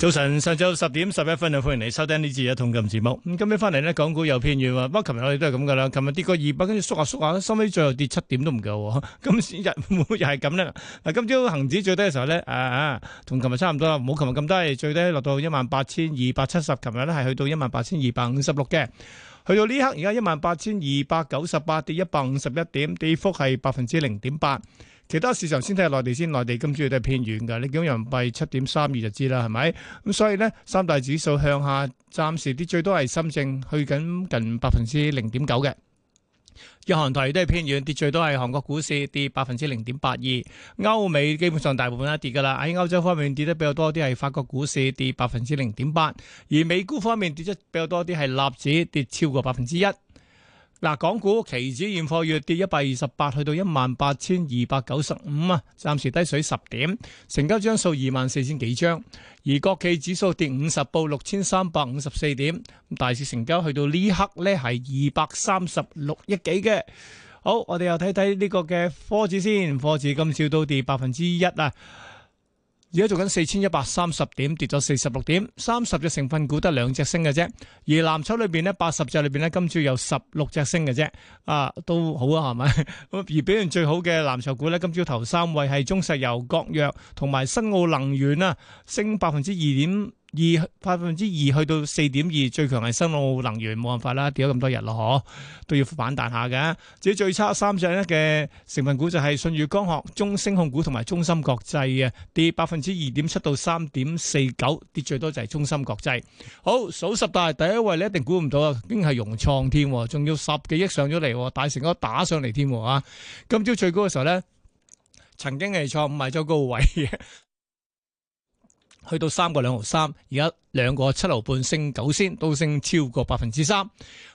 早晨，上晝十點十一分啊！歡迎你收聽呢次嘅《一桶金》節目。咁今日翻嚟呢，港股又偏軟喎。不過琴日我哋都係咁噶啦，琴日跌過二百，跟住縮下縮下，下，收尾最後跌七點都唔夠。今日會又係咁咧。嗱，今朝恒指最低嘅時候呢，啊啊，同琴日差唔多啦，冇琴日咁低，最低落到一萬八千二百七十。琴日呢係去到一萬八千二百五十六嘅，去到呢刻而家一萬八千二百九十八，跌一百五十一點，跌幅係百分之零點八。其他市場先睇下內地先，內地今朝都係偏軟嘅，你見人民幣七點三二就知啦，係咪？咁所以咧，三大指數向下，暫時跌最多係深證，去緊近百分之零點九嘅。日韓台都係偏軟，跌最多係韓國股市跌百分之零點八二，歐美基本上大部分都跌噶啦。喺歐洲方面跌得比較多啲係法國股市跌百分之零點八，而美股方面跌得比較多啲係納指跌超過百分之一。嗱，港股期指現貨月跌一百二十八，去到一萬八千二百九十五啊，暫時低水十點，成交張數二萬四千幾張。而國企指數跌五十，報六千三百五十四點。大市成交去到呢刻呢係二百三十六億幾嘅。好，我哋又睇睇呢個嘅科指先，科指今朝都跌百分之一啊。而家做緊四千一百三十點，跌咗四十六點，三十隻成分股得兩隻升嘅啫。而藍籌裏邊呢，八十隻裏邊呢，今朝有十六隻升嘅啫。啊，都好啊，係咪？而表現最好嘅藍籌股呢，今朝頭三位係中石油、國藥同埋新奧能源啊，升百分之二點二百分之二去到四點二，最強係新奧能源，冇辦法啦，跌咗咁多日咯，嗬，都要反彈下嘅。至於最差三隻咧嘅成分股就係舜宇光學、中升控股同埋中芯國際嘅，跌百分之二點七到三點四九，跌最多就係中芯國際。好，數十大第一位咧，你一定估唔到啊，竟然係融創添，仲要十幾億上咗嚟，大成個打上嚟添啊！今朝最高嘅時候咧，曾經係創五萬周高位嘅。去到三個兩毫三，而家兩個七毫半，升九仙，都升超過百分之三。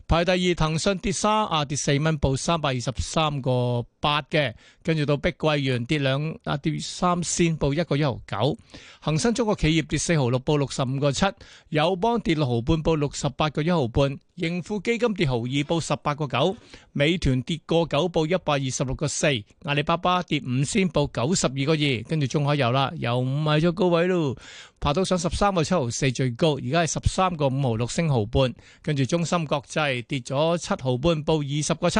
排第二，騰訊跌三啊，跌四蚊，報三百二十三個八嘅。跟住到碧桂園跌兩啊，跌三仙，報一個一毫九。恒生中國企業跌四毫六，報六十五個七。友邦跌六毫半，報六十八個一毫半。盈富基金跌毫二，報十八個九。美團跌個九，報一百二十六個四。阿里巴巴跌五仙，報九十二個二。跟住中海油啦，又唔係咗高位咯。爬到上十三個七毫四最高，而家係十三個五毫六升毫半，跟住中芯國際跌咗七毫半，報二十個七。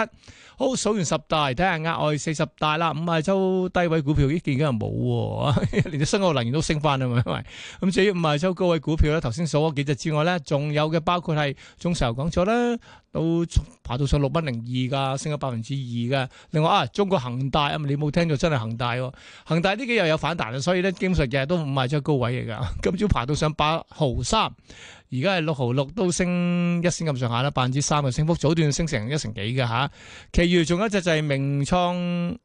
好，數完十大，睇下額外四十大啦，五十周低位股票依件梗係冇，連隻新奧能源都升返啦，咪因為咁至於五十周高位股票咧，頭先數咗幾隻之外咧，仲有嘅包括係中石油講錯啦。都爬到上六蚊零二噶，升咗百分之二嘅。另外啊，中國恒大啊，你冇聽到真係恒大喎、哦，恒大呢幾日又有反彈啦，所以咧基本上日日都唔係出高位嚟噶。今朝爬到上八毫三，而家係六毫六，都升一仙咁上下啦，百分之三嘅升幅，早段升成一成幾嘅吓。其餘仲有一隻就係名創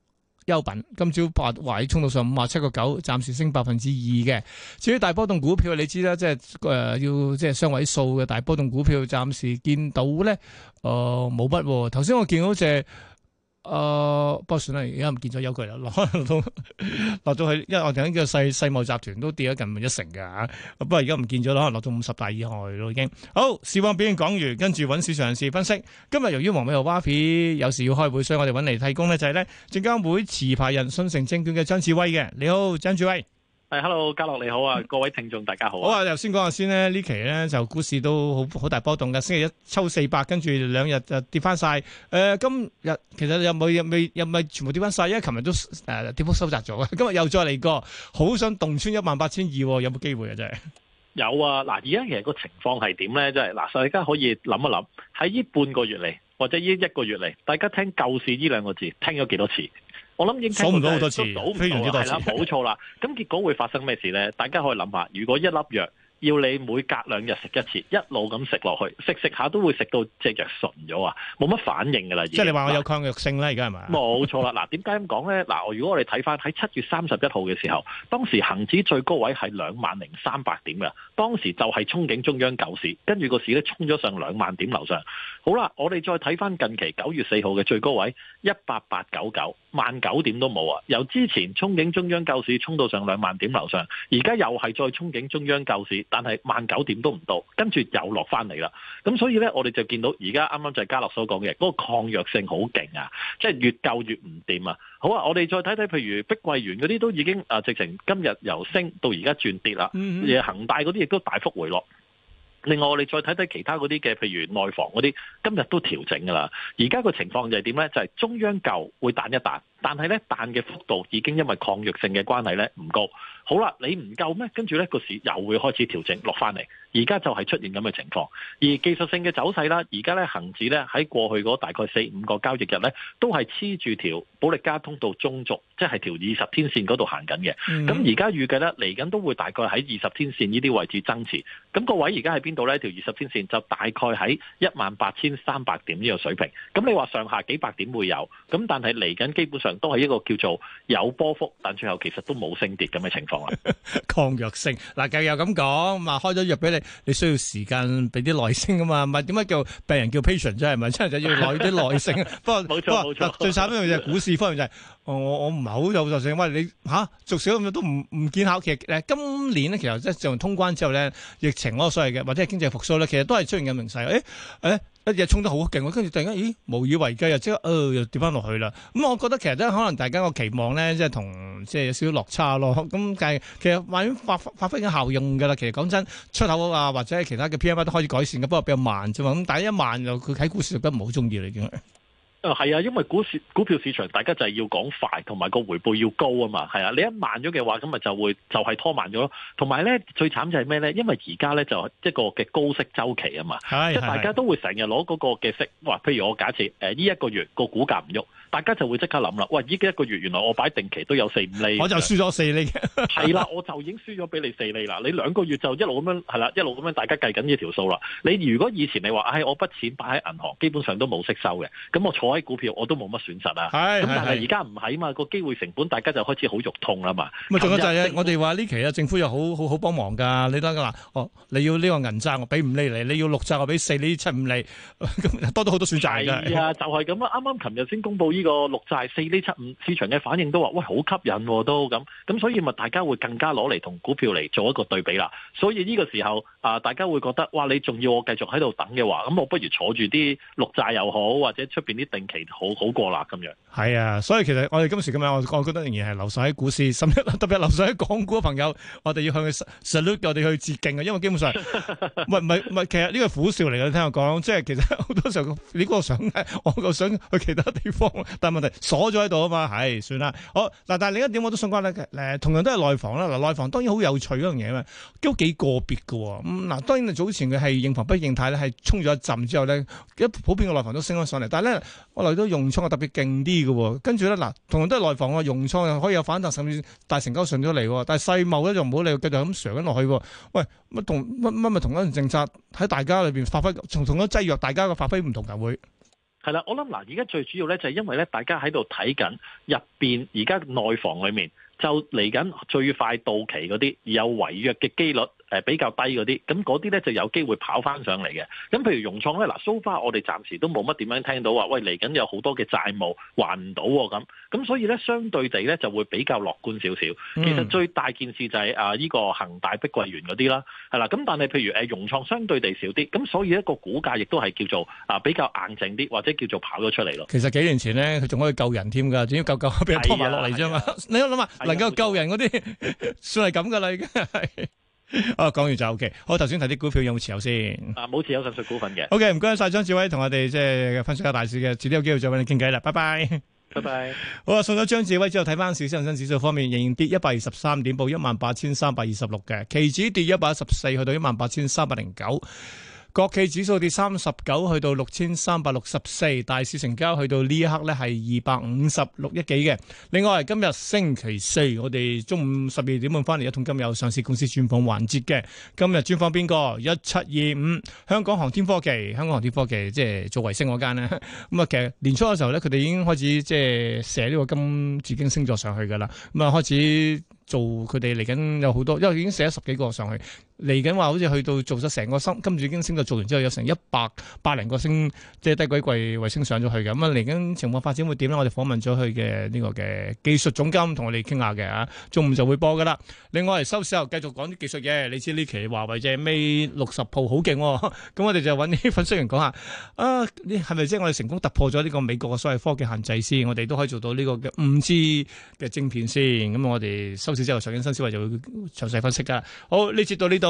優品今朝八位衝到上五啊七個九，暫時升百分之二嘅。至於大波動股票，你知啦，即係誒、呃、要即係雙位數嘅大波動股票，暫時見到咧，誒冇乜。頭先、啊、我見到隻。誒、呃，不過算啦，而家唔見咗有佢啦，落到落到去，因為我哋呢個世貿集團都跌咗近一成嘅吓，不過而家唔見咗啦，可能落到五十大以外咯已經。好，市況表現講完，跟住揾市場人士分析。今日由於黃美和 w a 有事要開會，所以我哋揾嚟提供呢就係呢證監會持牌人信誠證券嘅張志威嘅。你好，張志威。誒，hello，家樂你好啊，各位聽眾大家好。好啊，頭先講下先咧，呢期咧就股市都好好大波動嘅，星期一抽四百，跟住兩日就跌翻晒。誒、呃，今日其實有冇又未又咪全部跌翻晒？因為琴日都誒、呃、跌幅收窄咗嘅，今日又再嚟過，好想動穿一萬八千二，有冇機會啊？真係有啊！嗱，而家其實個情況係點咧？即係嗱，我而家可以諗一諗喺呢半個月嚟。或者呢一個月嚟，大家聽救市呢兩個字聽咗幾多，多次？我諗已經聽唔到好多次，聽唔到好多次啦，冇錯啦。咁結果會發生咩事咧？大家可以諗下，如果一粒藥，要你每隔兩日食一次，一路咁食落去，食食下都會食到隻藥純咗啊！冇乜反應㗎啦，即係你話我有抗藥性咧，而家係咪？冇錯啦，嗱， 點解咁講呢？嗱，如果我哋睇翻喺七月三十一號嘅時候，當時恒指最高位係兩萬零三百點㗎，當時就係憧憬中央救市，跟住個市咧衝咗上兩萬點樓上。好啦，我哋再睇翻近期九月四號嘅最高位一八八九九萬九點都冇啊！由之前憧憬中央救市，衝到上兩萬點樓上，而家又係再憧憬中央救市。但係萬九點都唔到，跟住又落翻嚟啦。咁所以呢，我哋就見到而家啱啱就係家樂所講嘅，嗰個抗藥性好勁啊！即係越救越唔掂啊！好啊，我哋再睇睇，譬如碧桂園嗰啲都已經啊，直情今日由升到而家轉跌啦。而恒大嗰啲亦都大幅回落。另外，我哋再睇睇其他嗰啲嘅，譬如內房嗰啲，今日都調整㗎啦。而家個情況就係點呢？就係中央救會彈一彈，但係呢彈嘅幅度已經因為抗藥性嘅關係呢唔高。好啦，你唔夠咩？跟住呢個市又會開始調整落翻嚟。而家就係出現咁嘅情況。而技術性嘅走勢啦，而家呢恒指呢喺過去嗰大概四五個交易日呢，都係黐住條保利加通道中軸，即係條二十天線嗰度行緊嘅。咁而家預計呢，嚟緊都會大概喺二十天線呢啲位置增持。咁個位而家喺邊度呢？條二十天線就大概喺一萬八千三百點呢個水平。咁你話上下幾百點會有？咁但係嚟緊基本上都係一個叫做有波幅，但最後其實都冇升跌咁嘅情況。 抗藥性嗱，又又咁講，嘛開咗藥俾你，你需要時間俾啲耐性啊嘛，咪點解叫病人叫 patient 啫，係咪真係就要耐啲耐性？ 不過冇錯冇錯，最慘一樣嘢，係股市方面就係、是 哦、我我唔係好有耐性，喂你吓、啊、續少咁樣都唔唔見效期咧。其實今年咧其實即係做通關之後咧，疫情嗰個所謂嘅或者係經濟復蘇咧，其實都係出現緊明勢，誒、欸、誒。欸欸欸一日衝得好勁，跟住突然間，咦，無以為繼又即刻，呃，又跌翻落去啦。咁、嗯、我覺得其實都可能大家個期望咧，即係同即係有少少落差咯。咁、嗯、但係其實慢慢發發揮緊效用噶啦。其實講真，出口啊或者係其他嘅 PMI 都可以改善嘅，不過比較慢啫嘛。咁、嗯、但係一慢又佢睇股市就唔係好中意啦，已經。啊，係、嗯、啊，因為股市股票市場，大家就係要講快，同埋個回報要高啊嘛，係啊，你一慢咗嘅話，咁咪就會就係、是、拖慢咗咯。同埋咧，最慘就係咩咧？因為而家咧就係、一個嘅高息周期啊嘛，即係是大家都會成日攞嗰個嘅息。哇，譬如我假設誒，呢、呃、一個月個股價唔喐。大家就會即刻諗啦，喂！依家一個月原來我擺定期都有四五厘，我就輸咗四厘，係啦，我就已經輸咗俾你四厘啦。你兩個月就一路咁樣係啦，一路咁樣大家計緊呢條數啦。你如果以前你話唉、哎，我筆錢擺喺銀行，基本上都冇息收嘅，咁我坐喺股票我都冇乜損失啊。係，咁但係而家唔係啊嘛，個機會成本大家就開始好肉痛啦嘛。咪仲有就係我哋話呢期啊，政府又好好好幫忙㗎，你得啦，哦，你要呢個銀債我俾五厘你，你要綠債我俾四厘、七五厘。多咗好多選擇，係就係咁啊，啱啱琴日先公布呢個六債四啲七五，市場嘅反應都話，喂，好吸引都咁，咁所以咪大家會更加攞嚟同股票嚟做一個對比啦。所以呢個時候啊，大家會覺得，哇，你仲要我繼續喺度等嘅話，咁我不如坐住啲六債又好，或者出邊啲定期好好過啦咁樣。係啊，所以其實我哋今時今日，我我覺得仍然係留守喺股市，甚至特別係留守喺港股嘅朋友，我哋要向佢 salute，我哋去致敬啊。因為基本上，喂，唔係唔係，其實呢個苦笑嚟嘅，聽我講，即係其實好多時候你嗰個想，我就想去其他地方。但係問題鎖咗喺度啊嘛，係算啦。好嗱，但係另一點我都想講咧嘅，同樣都係內房啦。嗱，內房當然好有趣嗰樣嘢啊嘛，都幾個別嘅。咁、嗯、嗱，當然你早前嘅係認房不認貸咧，係衝咗一陣之後咧，一普遍嘅內房都升咗上嚟。但係咧，我嚟到融創啊特別勁啲嘅，跟住咧嗱，同樣都係內房啊融創可以有反彈，甚至大成交上咗嚟。但係世茂咧就唔好，你繼續咁上緊落去。喂，乜同乜乜咪同一種政策喺大家裏邊發揮，從同一種劑藥大家嘅發揮唔同啊會。係啦，我諗嗱，而家最主要咧就係、是、因為咧，大家喺度睇緊入邊而家內房裏面就嚟緊最快到期嗰啲有違約嘅機率。誒，比較低嗰啲，咁嗰啲咧就有機會跑翻上嚟嘅。咁譬如融創咧，嗱 so far，我哋暫時都冇乜點樣聽到話，喂嚟緊有好多嘅債務還唔到喎，咁咁所以咧，相對地咧就會比較樂觀少少。其實最大件事就係啊，呢個恒大碧桂園嗰啲啦，係啦。咁但係譬如誒融創，相對地少啲，咁所以一個股價亦都係叫做啊比較硬淨啲，或者叫做跑咗出嚟咯。其實幾年前咧，佢仲可以救人添㗎，只要救救俾人拖埋落嚟啫嘛。你諗下，能夠救人嗰啲算係咁㗎啦，已經係。哦，講、 啊，完就 OK。好，頭先睇啲股票有冇持有先？啊，冇持有騰訊股份嘅。OK，唔該晒張志威同我哋即係分析下大市嘅，遲啲有機會再搵你傾偈啦，拜拜，拜拜。 好啊，送咗張志威之後，睇翻小小恒生指數方面，仍然跌一百二十三點，報一萬八千三百二十六嘅，期指跌一百一十四，去到一萬八千三百零九。國企指數跌三十九，去到六千三百六十四。大市成交去到呢一刻呢係二百五十六億幾嘅。另外今日星期四，我哋中午十二點半翻嚟一桶金，今日有上市公司專訪環節嘅。今日專訪邊個？一七二五香港航天科技，香港航天科技即係做衛星嗰間呢。咁啊，其實年初嘅時候呢，佢哋已經開始即係寫呢個金字經星座上去噶啦。咁啊，開始做佢哋嚟緊有好多，因為已經寫咗十幾個上去。嚟緊話好似去到做咗成個心，今次已經升到做完之後有成一百八零個星，即係低軌衛星升上咗去咁啊！嚟緊情況發展會點呢？我哋訪問咗佢嘅呢個嘅技術總監，同我哋傾下嘅啊。中午就會播噶啦。另外嚟收市後繼續講啲技術嘅。你知呢期華為 Mate 60 Pro 好勁，咁我哋就揾啲分析員講下啊。你係咪即係我哋成功突破咗呢個美國嘅所謂科技限制先？我哋都可以做到呢個嘅五 G 嘅晶片先。咁我哋收市之後上緊新思維就會詳細分析噶。好，呢節到呢度。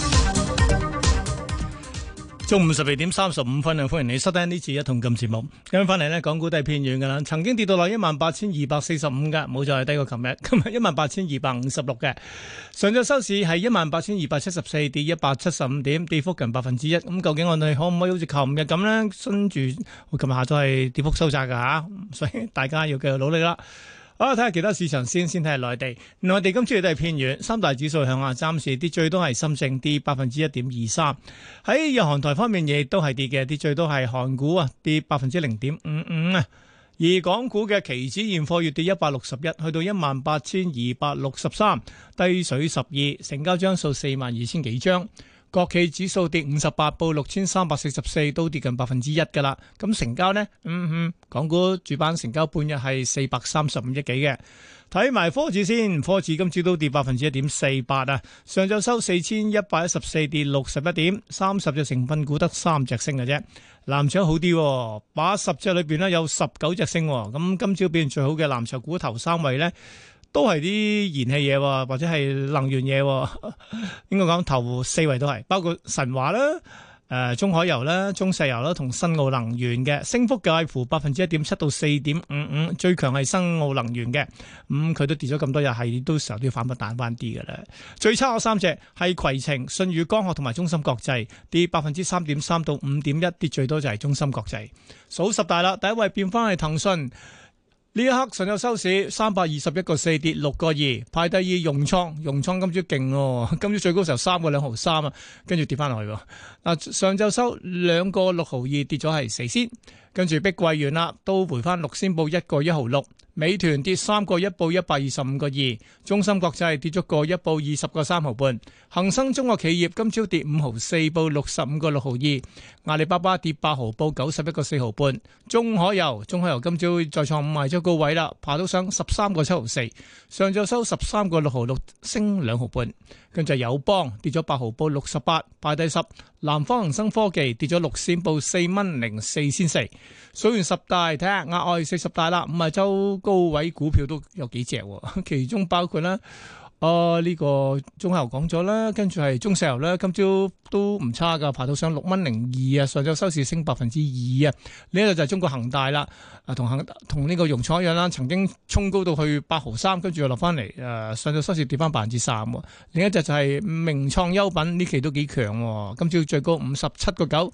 中午十二點三十五分，又歡迎你收聽呢次一桶金節目。今日翻嚟咧，港股跌偏軟噶啦，曾經跌到落一萬八千二百四十五噶，冇再係低過琴日，今日一萬八千二百五十六嘅。上晝收市係一萬八千二百七十四，跌一百七十五點，跌幅近百分之一。咁究竟我哋可唔可以好似琴日咁咧，跟住今日下晝係跌幅收窄噶吓？所以大家要繼續努力啦。好，睇下其他市場先，先睇下內地。內地今次都係偏軟，三大指數向下暫時跌，最多係深證跌百分之一點二三。喺日韓台方面，亦都係跌嘅，跌最多係韓股啊跌百分之零點五五啊。而港股嘅期指現貨月跌一百六十一，去到一萬八千二百六十三，低水十二，成交張數四萬二千幾張。國企指數跌五十八，報六千三百四十四，都跌近百分之一噶啦。咁成交呢，嗯哼，港股主板成交半日係四百三十五億幾嘅。睇埋科指先，科指今朝都跌百分之一點四八啊，上晝收四千一百一十四，跌六十一點，三十隻成分股得三隻升嘅啫。藍籌好啲喎，八十隻裏邊呢有十九隻升喎。咁今朝變最好嘅藍籌股頭三位呢。都係啲燃氣嘢，或者係能源嘢， 應該講頭四位都係，包括神華啦、誒、呃、中海油啦、中石油啦同新奧能源嘅，升幅介乎百分之一點七到四點五五，5, 最強係新奧能源嘅，咁、嗯、佢都跌咗咁多日，係到時候都要反彈翻啲嘅啦。最差嗰三隻係攜程、舜宇光學同埋中芯國際，跌百分之三點三到五點一，3. 3 1, 跌最多就係中芯國際。數十大啦，第一位變翻係騰訊。呢一刻上晝收市三百二十一個四跌六個二，派第二融創，融創今朝勁哦，今朝最高時候三個兩毫三啊，跟住跌翻落去。嗱，上晝收兩個六毫二跌咗係四仙。跟住，碧桂園啦都回翻六仙報一個一毫六，美團跌三個一報一百二十五個二，中芯國際跌咗個一報二十個三毫半，恒生中國企業今朝跌五毫四報六十五個六毫二，阿里巴巴跌八毫報九十一個四毫半，中海油，中海油今朝再創五賣咗高位啦，爬到上十三個七毫四，上晝收十三個六毫六，升兩毫半，跟住友邦跌咗八毫報六十八，排低十。南方恒生科技跌咗六仙報四蚊零四仙四。數完十大睇下額外四十大啦，五十周高位股票都有幾隻，其中包括啦。啊！哦，呢個中石油講咗啦，跟住係中石油啦，今朝都唔差噶，排到上六蚊零二啊，上晝收市升百分之二啊。另一隻就係中國恒大啦，啊，同恒同呢個融創一樣啦，曾經衝高到去八毫三，跟住又落翻嚟，誒、呃，上晝收市跌翻百分之三喎。另一隻就係名創優品呢期都幾強喎，今朝最高五十七個九。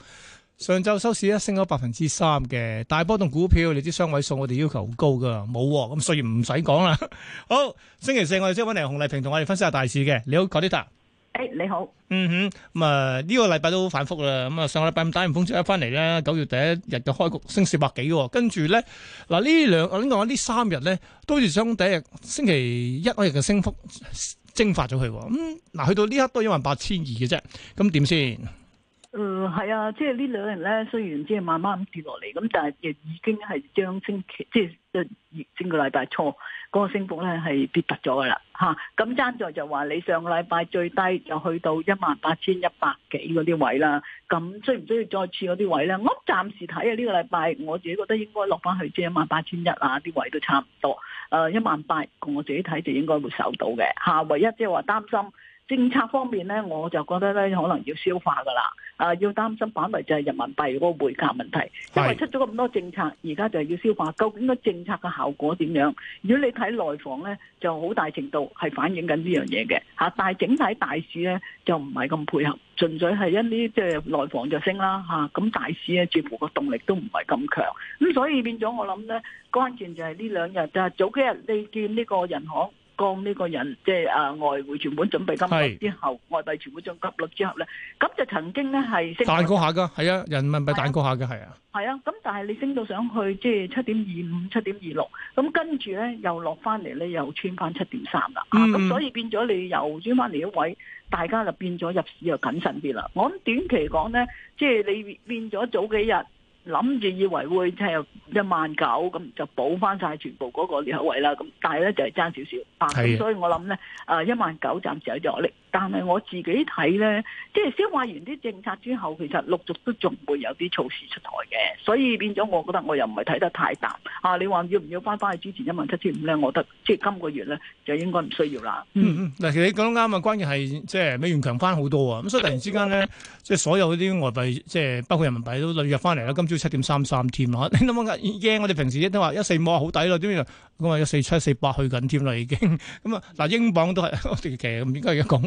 上晝收市一升咗百分之三嘅大波動股票，你知雙位數我哋要求好高㗎，冇喎，咁所以唔使講啦。好，星期四我哋即係搵嚟洪麗萍同我哋分析下大市嘅，你好，葛啲達，誒，你好，嗯哼，咁啊呢個禮拜都好反覆啦，咁啊上個禮拜五打完風吹一翻嚟咧，九月第一日就開局升四百幾，跟住咧嗱呢兩我呢個呢三日咧都好似想第一日星期一嗰日嘅升幅蒸發咗去、哦，咁嗱去到呢刻 1, 8,、嗯、呢刻都一萬八千二嘅啫，咁點先？誒係、嗯、啊，即係呢兩日咧，雖然即係慢慢咁跌落嚟，咁但係亦已經係將星期即係整、那個禮拜初個升幅咧係跌窒咗噶啦嚇。咁爭在就話你上個禮拜最低就去到一萬八千一百幾嗰啲位啦，咁需唔需要再次嗰啲位咧？我暫時睇啊，呢、這個禮拜我自己覺得應該落翻去即係一萬八千一啊啲位都差唔多。誒一萬八，18, 000, 我自己睇就應該會守到嘅嚇、啊。唯一即係話擔心。政策方面咧，我就覺得咧，可能要消化噶啦，啊，要擔心反為就係人民幣嗰個匯價問題，因為出咗咁多政策，而家就係要消化，究竟個政策嘅效果點樣？如果你睇內房咧，就好大程度係反映緊呢樣嘢嘅嚇，但係整體大市咧就唔係咁配合，純粹係一啲即係內房就升啦嚇，咁、啊、大市咧似乎個動力都唔係咁強，咁所以變咗我諗咧，關鍵就係呢兩日就係、早幾日你見呢個人行，降呢個人即係啊外匯存款準備金率之後，外幣存款準備金率之後咧，咁就曾經咧係升，彈高下噶，係啊，人民幣彈高下嘅，係啊，係啊，咁但係你升到上去即係七點二五、七點二六，咁跟住咧又落翻嚟咧又穿翻七點三啦，嗯、啊，咁所以變咗你又穿翻嚟一位，大家就變咗入市又謹慎啲啦。我諗短期嚟講咧，即係你變咗早幾日。諗住以為會即係一萬九咁就補翻晒全部嗰個裂口位啦，咁但係咧就係爭少少啊。的咁所以我諗咧啊一萬九暫時有咗咧。但係我自己睇咧，即係消化完啲政策之後，其實陸續都仲會有啲措施出台嘅，所以變咗，我覺得我又唔係睇得太淡啊！你話要唔要翻翻去之前一萬七千五咧？我覺得即係今個月咧就應該唔需要啦。嗯，嗱，其實你講得啱啊！關鍵係即係美元強翻好多啊！咁所以突然之間咧，即係所有嗰啲外幣，即係包括人民幣都落翻嚟啦。今朝七點三三添啦，你諗唔諗？驚！我哋平時都話一四五啊，好抵咯，點解又咁啊？一四七、一四八去緊添啦，已經咁啊！嗱，英鎊都係其實應該要講。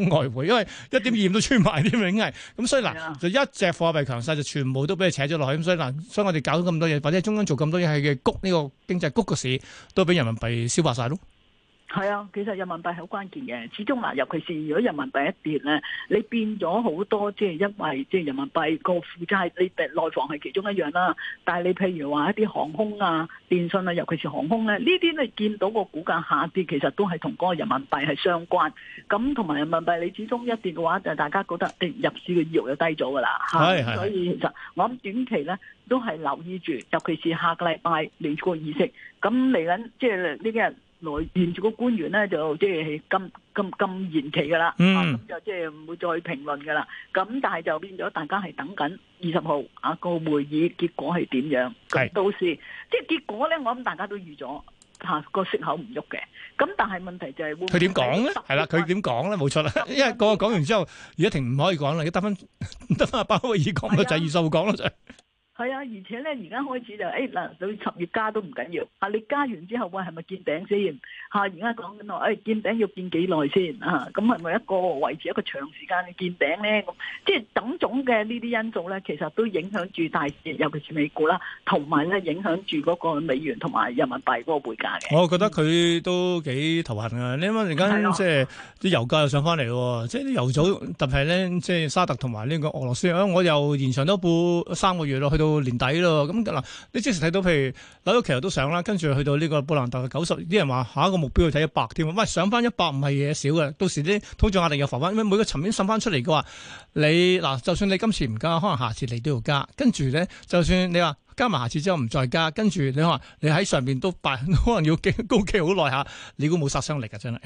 因為一點二都出唔埋啲，咪梗係咁，所以嗱，嗯、就一隻貨幣強勢就全部都俾佢扯咗落去，咁所以嗱、嗯，所以我哋搞咗咁多嘢，或者中央做咁多嘢，係谷呢個經濟谷嘅事，都俾人民幣消化晒咯。係啊，其實人民幣係好關鍵嘅，始終嗱，尤其是如果人民幣一跌咧，你變咗好多，即係因為即係人民幣個負債，你內房係其中一樣啦。但係你譬如話一啲航空啊、電信啊，尤其是航空咧，呢啲你見到個股價下跌，其實都係同嗰個人民幣係相關。咁同埋人民幣，你始終一跌嘅話，就大家覺得誒、哎，入市嘅意慾又低咗噶啦。係是所以其實我諗短期咧都係留意住，尤其是下個禮拜你個意識。咁嚟緊即係呢啲人。來現住個官員咧就即係咁咁咁延期噶啦，咁就即係唔會再評論噶啦。咁但係就變咗大家係等緊二十號啊個會議結果係點樣？係到時即係結果咧，我諗大家都預咗，下個息口唔喐嘅。咁但係問題就係會佢點講咧？係啦，佢點講咧？冇錯啦，因爲講講完之後，如果停唔可以講啦，要得返得返鮑威爾講，就係二十號講咯就。係啊，而且咧，而家開始就，誒嗱，到十月加都唔緊要嚇，你加完之後喂，係咪見頂先？嚇，而家講緊話，誒見頂要見幾耐先啊？咁係咪一個維持一個長時間嘅見頂咧？咁即係種種嘅呢啲因素咧，其實都影響住大市，尤其是美股啦，同埋咧影響住嗰個美元同埋人民幣嗰個匯價嘅。我覺得佢都幾頭痕啊！你諗下，而家即係啲油價又上翻嚟喎，即係啲油組特別咧，即係沙特同埋呢個俄羅斯啊！我又延長咗報三個月咯，去到。到年底咯，咁嗱，你即時睇到，譬如紐約期油都上啦，跟住去到呢個布蘭特嘅九十，啲人話下一個目標去睇一百添，喂，上翻一百唔係嘢少嘅，到時啲通脹壓力又浮翻，因為每個層面滲翻出嚟嘅話，你嗱就算你今次唔加，可能下次你都要加，跟住咧，就算你話加埋下次之後唔再加，跟住你話你喺上邊都擺，可能要高企好耐下，你估冇殺傷力噶、啊、真係。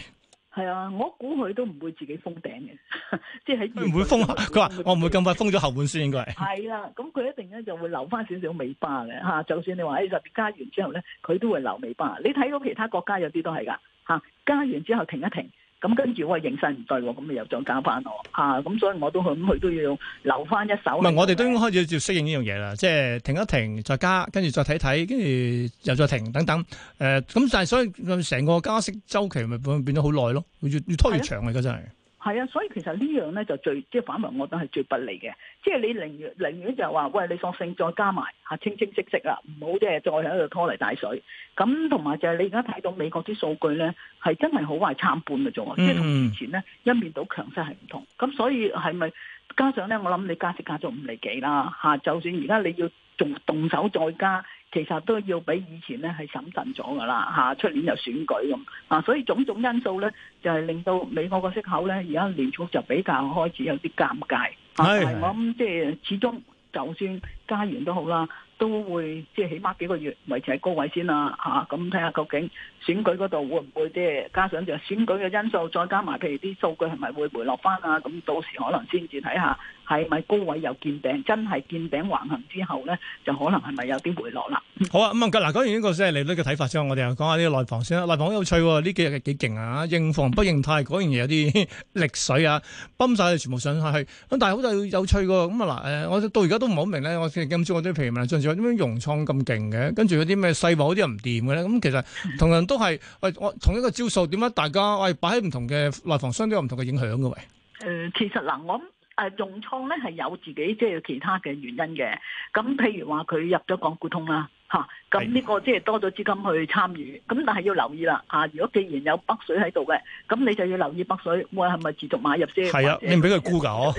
係啊，我估佢都唔會自己封頂嘅， 即係佢唔會封，佢話我唔會咁快封咗後半先，應該係。係啦，咁佢一定咧就會留翻少少尾巴嘅吓，啊，就算你話誒入加完之後咧，佢都會留尾巴。你睇到其他國家有啲都係噶吓，加完之後停一停。咁跟住我形勢唔對，咁咪又再加翻我嚇，咁、啊、所以我都諗佢都要留翻一手。唔係，我哋都應該開始要適應呢樣嘢啦，即係停一停，再加，跟住再睇睇，跟住又再停等等。誒、呃，咁但係所以成個加息週期咪變變咗好耐咯，越越拖越長嚟嘅真係。係啊，所以其實樣呢樣咧就最即係反為，我覺得係最不利嘅。即係你寧願寧願就係話，喂，你索性再加埋嚇，清清晰晰啦，唔好即係再喺度拖泥帶水。咁同埋就係你而家睇到美國啲數據咧，係真係好壞參半嘅啫喎。即係同以前咧一面倒強勢係唔同。咁所以係咪加上咧？我諗你價值加咗五釐幾啦嚇。就算而家你要仲動手再加。其實都要比以前咧係審慎咗㗎啦嚇，出年又選舉咁啊，所以種種因素咧就係、是、令到美國個息口咧而家聯儲局就比較開始有啲尷尬。係、啊，但我諗即係始終就算，加完都好啦，都會即係起碼幾個月維持喺高位先啦嚇，咁睇下究竟選舉嗰度會唔會即係加上就選舉嘅因素，再加埋譬如啲數據係咪會回落翻啊？咁到時可能先至睇下係咪高位又見頂，真係見頂橫行之後咧，就可能係咪有啲回落啦？好啊，咁啊嗱，講完呢個先係利率嘅睇法先，我哋又講下呢個內房先啦。內房有趣喎，呢幾日幾勁啊！認房不認貸嗰樣嘢有啲力水啊，泵曬全部上上去咁，但係好在有趣嘅咁啊嗱誒，我到而家都唔係好明咧，我。其實今朝我啲評論，上次點解融創咁勁嘅？跟住有啲咩世茂嗰啲又唔掂嘅咧？咁其實同樣都係，喂，我同一個招數，點解大家喂擺喺唔同嘅內房商都有唔同嘅影響嘅？喂，誒，其實嗱、呃，我誒、呃、融創咧係有自己即係有其他嘅原因嘅。咁譬如話佢入咗港股通啦，嚇、啊。咁呢個即係多咗資金去參與，咁但係要留意啦嚇。如果既然有北水喺度嘅，咁你就要留意北水，會係咪持續買入先？係啊，你唔俾佢沽㗎？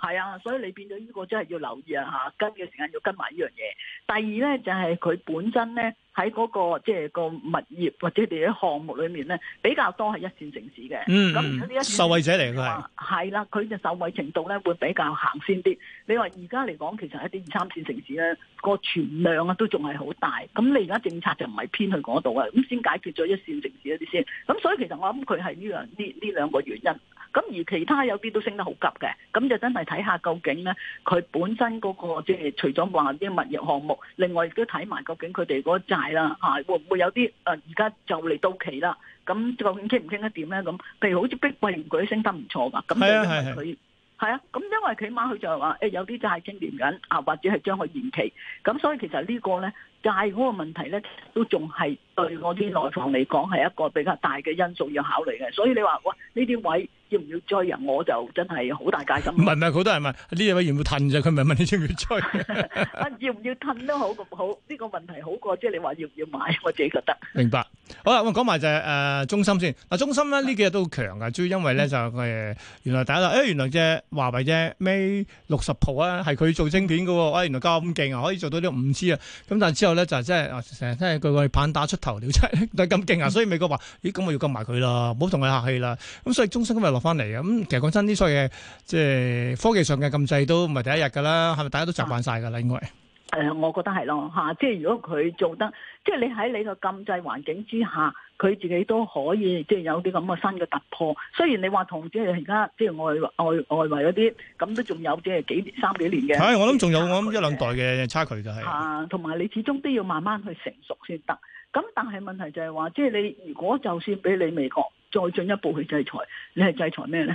係啊，所以你變咗呢個真係要留意啊嚇，跟嘅時間要跟埋呢樣嘢。第二咧就係佢本身咧喺嗰個即係個物業或者啲項目裏面咧，比較多係一線城市嘅。嗯，咁呢一線城市受惠者嚟㗎，係係啦，佢嘅受惠程度咧會比較行先啲。你話而家嚟講，其實一啲二三線城市咧，個存量啊都仲係好大。咁你而家政策就唔係偏去嗰度啊，咁先解決咗一線城市嗰啲先，咁所以其實我諗佢係呢樣呢呢兩個原因，咁而其他有啲都升得好急嘅，咁就真係睇下究竟咧，佢本身嗰個即係除咗話啲物業項目，另外亦都睇埋究竟佢哋嗰個債啦嚇、啊，會唔會有啲誒而家就嚟到期啦？咁究竟傾唔傾得掂咧？咁譬如好似碧桂園佢都升得唔錯嘛，咁就佢係啊，咁因為起碼佢就係話誒有啲債清掂緊啊，或者係將佢延期，咁所以其實呢個咧。界嗰個問題咧，都仲係對我啲內房嚟講係一個比較大嘅因素要考慮嘅。所以你話哇，呢啲位要唔要追啊？我就真係好大戒心。唔係唔係，好多人問呢啲位要唔要褪啫？佢唔係問你要唔要追。啊，要唔要褪都好咁好，呢個問題好過即係你話要唔要買。我自己覺得明白。好啦，我講埋就係誒中芯先嗱，中芯咧呢幾日都好強嘅，主要因為咧就係原來大家誒原來隻華為啫 Mate 六十 Pro 啊，係佢做晶片嘅喎。哎，原來咁勁啊，可以做到啲五 G 啊。咁但係之後。咧就係即係成日聽佢佢棒打出頭鳥，真係，但係咁勁啊！所以美國話：咦，咁我要撳埋佢啦，唔好同佢客氣啦。咁、嗯、所以中芯今日落翻嚟啊！咁、嗯、其實講真，呢啲嘢即係科技上嘅禁制都唔係第一日噶啦，係咪大家都習慣晒噶啦？應該。誒，我覺得係咯，嚇！即係如果佢做得，即係你喺你個禁制環境之下，佢自己都可以即係有啲咁嘅新嘅突破。雖然你話同即係而家即係外外外圍嗰啲，咁都仲有即係幾年三幾年嘅。係，我諗仲有我諗一兩代嘅差距就係。嚇！同埋你始終都要慢慢去成熟先得。咁但係問題就係話，即係你如果就算俾你美國再進一步去制裁，你係制裁咩咧？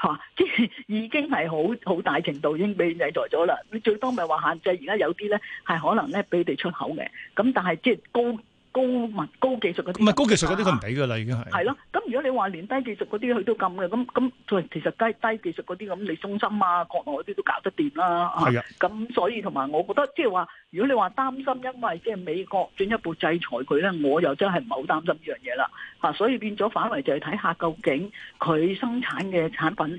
吓、啊！即係已經係好好大程度已經被制裁咗啦。你最多咪話限制，而家有啲咧係可能咧俾你哋出口嘅。咁但係即係高。高物高技術嗰啲，唔係高技術嗰啲佢唔俾噶啦，已經係。係咯，咁如果你話連低技術嗰啲佢都禁嘅，咁咁，其實低低技術嗰啲咁，你中芯啊、國內嗰啲都搞得掂啦。係啊，咁的所以同埋，我覺得即係話，如果你話擔心，因為即係美國進一步制裁佢咧，我又真係唔係好擔心呢樣嘢啦。嚇，所以變咗反為就係睇下究竟佢生產嘅產品。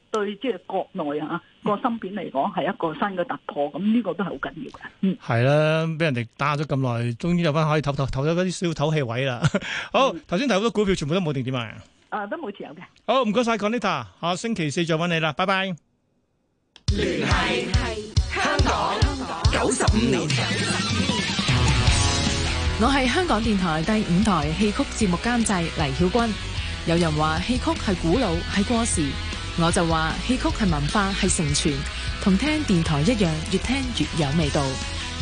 對，即係國內啊個芯片嚟講，係一個新嘅突破，咁呢個都係好緊要嘅。嗯，係啦，俾人哋打咗咁耐，終於有翻可以唞唞唞咗嗰啲小唞氣位啦。好，頭先睇好多股票，全部都冇定點啊？啊，都冇持有嘅。好，唔該晒，Conita，下星期四再揾你啦，拜拜。聯繫香港九十五年，我係香港電台第五台戲曲節目監製黎曉君。有人話戲曲係古老，係過時。我就話，戲曲係文化，係承傳，同聽電台一樣，越聽越有味道。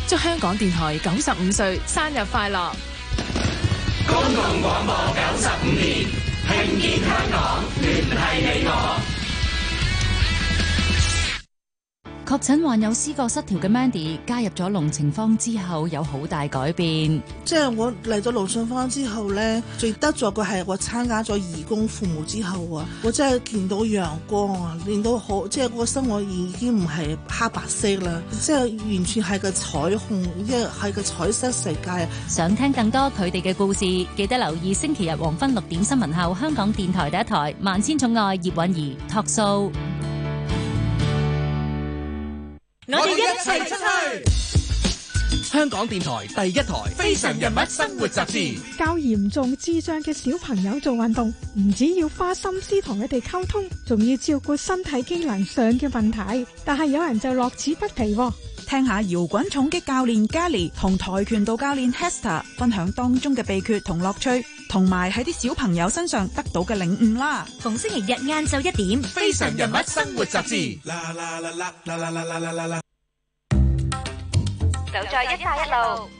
祝香港電台九十五歲生日快樂！公共廣播九十五年，聽見香港，聯繫你我。確診患有思覺失調嘅 Mandy 加入咗龍情坊之後有好大改變，即係我嚟咗龍情坊之後咧，最得着嘅係我參加咗義工服務之後啊，我真係見到陽光啊，令到好即係個生活已經唔係黑白色啦，即係完全係個彩虹一係個彩色世界。想聽更多佢哋嘅故事，記得留意星期日黃昏六點新聞後，香港電台第一台萬千寵愛葉韻儀 Talk Show。我哋一齊出去。香港電台第一台《非常人物生活雜誌》教嚴重智障嘅小朋友做運動，唔止要花心思同佢哋溝通，仲要照顧身體機能上嘅問題。但係有人就樂此不疲喎。聽下搖滾重擊教練 Gally 同跆拳道教練 Hester 分享當中嘅秘訣同樂趣，同埋喺啲小朋友身上得到嘅領悟啦。逢星期日晏晝一點，非常人物生活雜誌。走在一帶一路。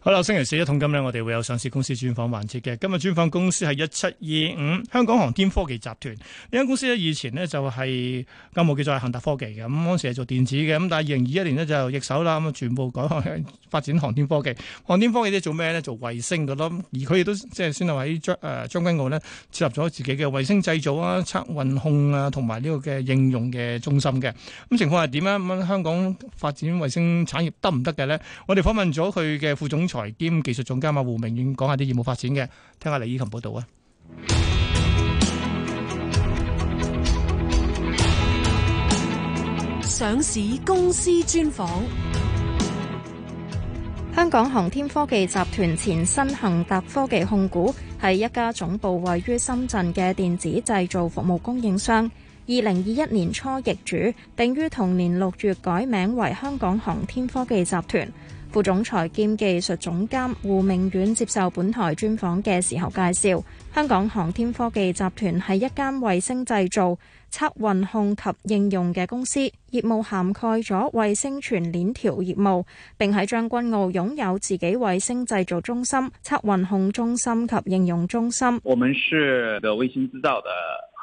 好啦，星期四一桶金呢，我哋會有上市公司專訪環節嘅。今日專訪公司係一七二五香港航天科技集團呢間公司咧，以前呢就係舊務叫做係恒達科技嘅，咁當時係做電子嘅，咁但係二零二一年呢就易手啦，咁啊全部改行發展航天科技。航天科技咧做咩呢？做衛星嘅咯，而佢亦都即係先後喺誒將軍澳呢設立咗自己嘅衛星製造啊、測運控啊同埋呢個嘅應用嘅中心嘅。咁情況係點樣？咁香港發展衛星產業得唔得嘅呢？我哋訪問咗佢嘅副總。財兼技術總監啊，胡明遠講下啲業務發展嘅，聽下李依琴報道啊！上市公司專訪：香港航天科技集團前新恆達科技控股係一家總部位於深圳嘅電子製造服務供應商。二零二一年初易主，定於同年六月改名為香港航天科技集團。副總裁兼技術總監胡明遠接受本台專訪嘅時候介紹，香港航天科技集團係一間衛星製造、測、運、控及應用嘅公司，業務涵蓋咗衛星全鏈條業務，並喺將軍澳擁有自己衛星製造中心、測、運、控中心及應用中心。我們是個衛星製造的。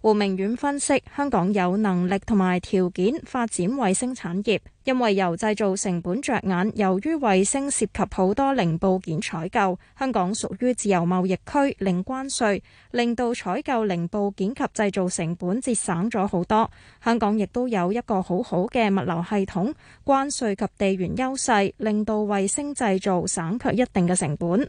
胡明遠分析，香港有能力同埋條件發展衛星產業，因為由製造成本着眼，由於衛星涉及好多零部件採購，香港屬於自由貿易區零關稅，令到採購零部件及製造成本節省咗好多。香港亦都有一個好好嘅物流系統、關稅及地緣優勢，令到衛星製造省卻一定嘅成本。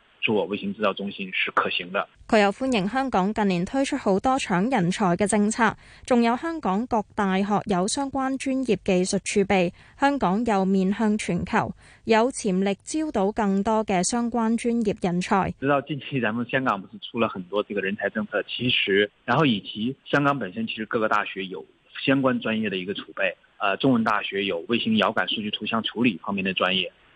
做衛星製造中心是可行的。佢又歡迎香港近年推出好多搶人才嘅政策，仲有香港各大學有相關專業技術儲備，香港又面向全球，有潛力招到更多嘅相關專業人才。知道近期，咱們香港不是出了很多這個人才政策，其實，然後以及香港本身，其實各個大學有相關專業嘅一個儲備，呃，中文大學有衛星遙感數據圖像處理方面嘅專業。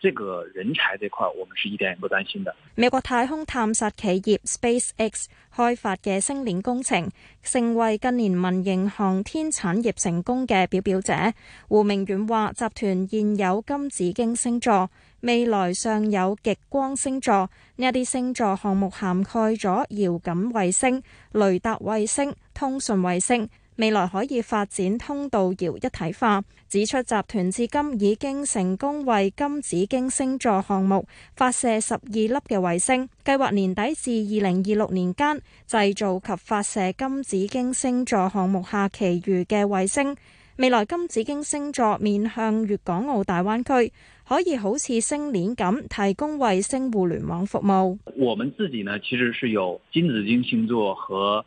這個人才這塊，我們是一點也不擔心的。美國太空探索企業 Space X 開發嘅星鏈工程，成為近年民營航天產業，業成功嘅表表者。胡明遠話，集團現有金紫荊星座，未來尚有極光星座呢一啲星座項目涵蓋咗遙感衛星、雷達衛星、通訊衛星。未來可以發展通道遙一體化，指出集團至今已經成功為金紫荊星座項目發射十二粒嘅衛星，計劃年底至二零二六年間製造及發射金紫荊星座項目下其餘嘅衛星。未來金紫荊星座面向粵港澳大灣區，可以好似星鏈咁提供衛星互聯網服務。我們自己呢，其實是有金紫荊星座和。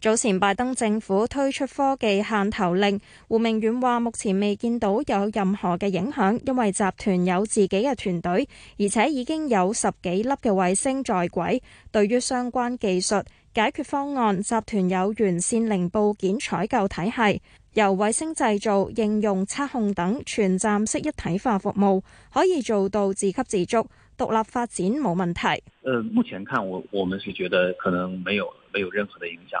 早前拜登政府推出科技限投令，胡明遠話目前未見到有任何嘅影響，因為集團有自己嘅團隊，而且已經有十幾粒嘅衛星在軌。對於相關技術解決方案，集團有完善零部件採購體系，由衛星製造、應用測控等全站式一體化服務，可以做到自給自足，獨立發展冇問題。誒、呃，目前看我我們是覺得可能沒有沒有任何的影響。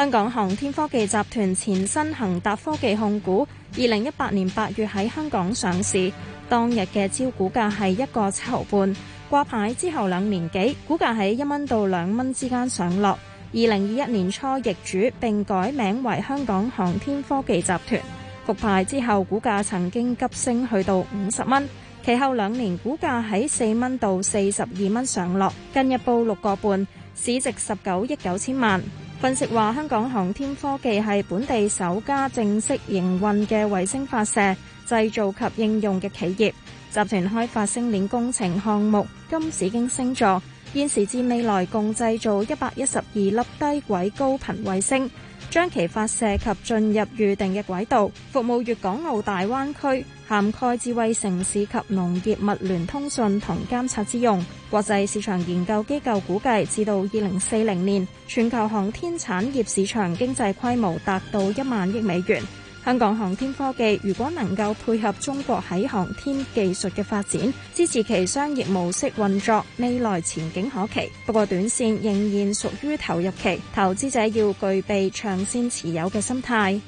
香港航天科技集團前身恒達科技控股，二零一八年八月喺香港上市，當日嘅招股價係一個七毫半。掛牌之後兩年幾，股價喺一蚊到兩蚊之間上落。二零二一年初易主並改名為香港航天科技集團，復牌之後股價曾經急升去到五十蚊，其後兩年股價喺四蚊到四十二蚊上落，近日報六個半，市值十九億九千萬。分析話，香港航天科技係本地首家正式營運嘅衛星發射、製造及應用嘅企業。集團開發星鏈工程項目金紫荊星座，現時至未來共製造一百一十二粒低軌高頻衛星，將其發射及進入預定嘅軌道，服務粵港澳大灣區，涵蓋智慧城市及農業物聯通訊同監察之用。國際市場研究機構估計，至到二零四零年，全球航天產業市場經濟規模達到一萬億美元。香港航天科技如果能夠配合中國喺航天技術嘅發展，支持其商業模式運作，未來前景可期。不過，短線仍然屬於投入期，投資者要具備長線持有嘅心態。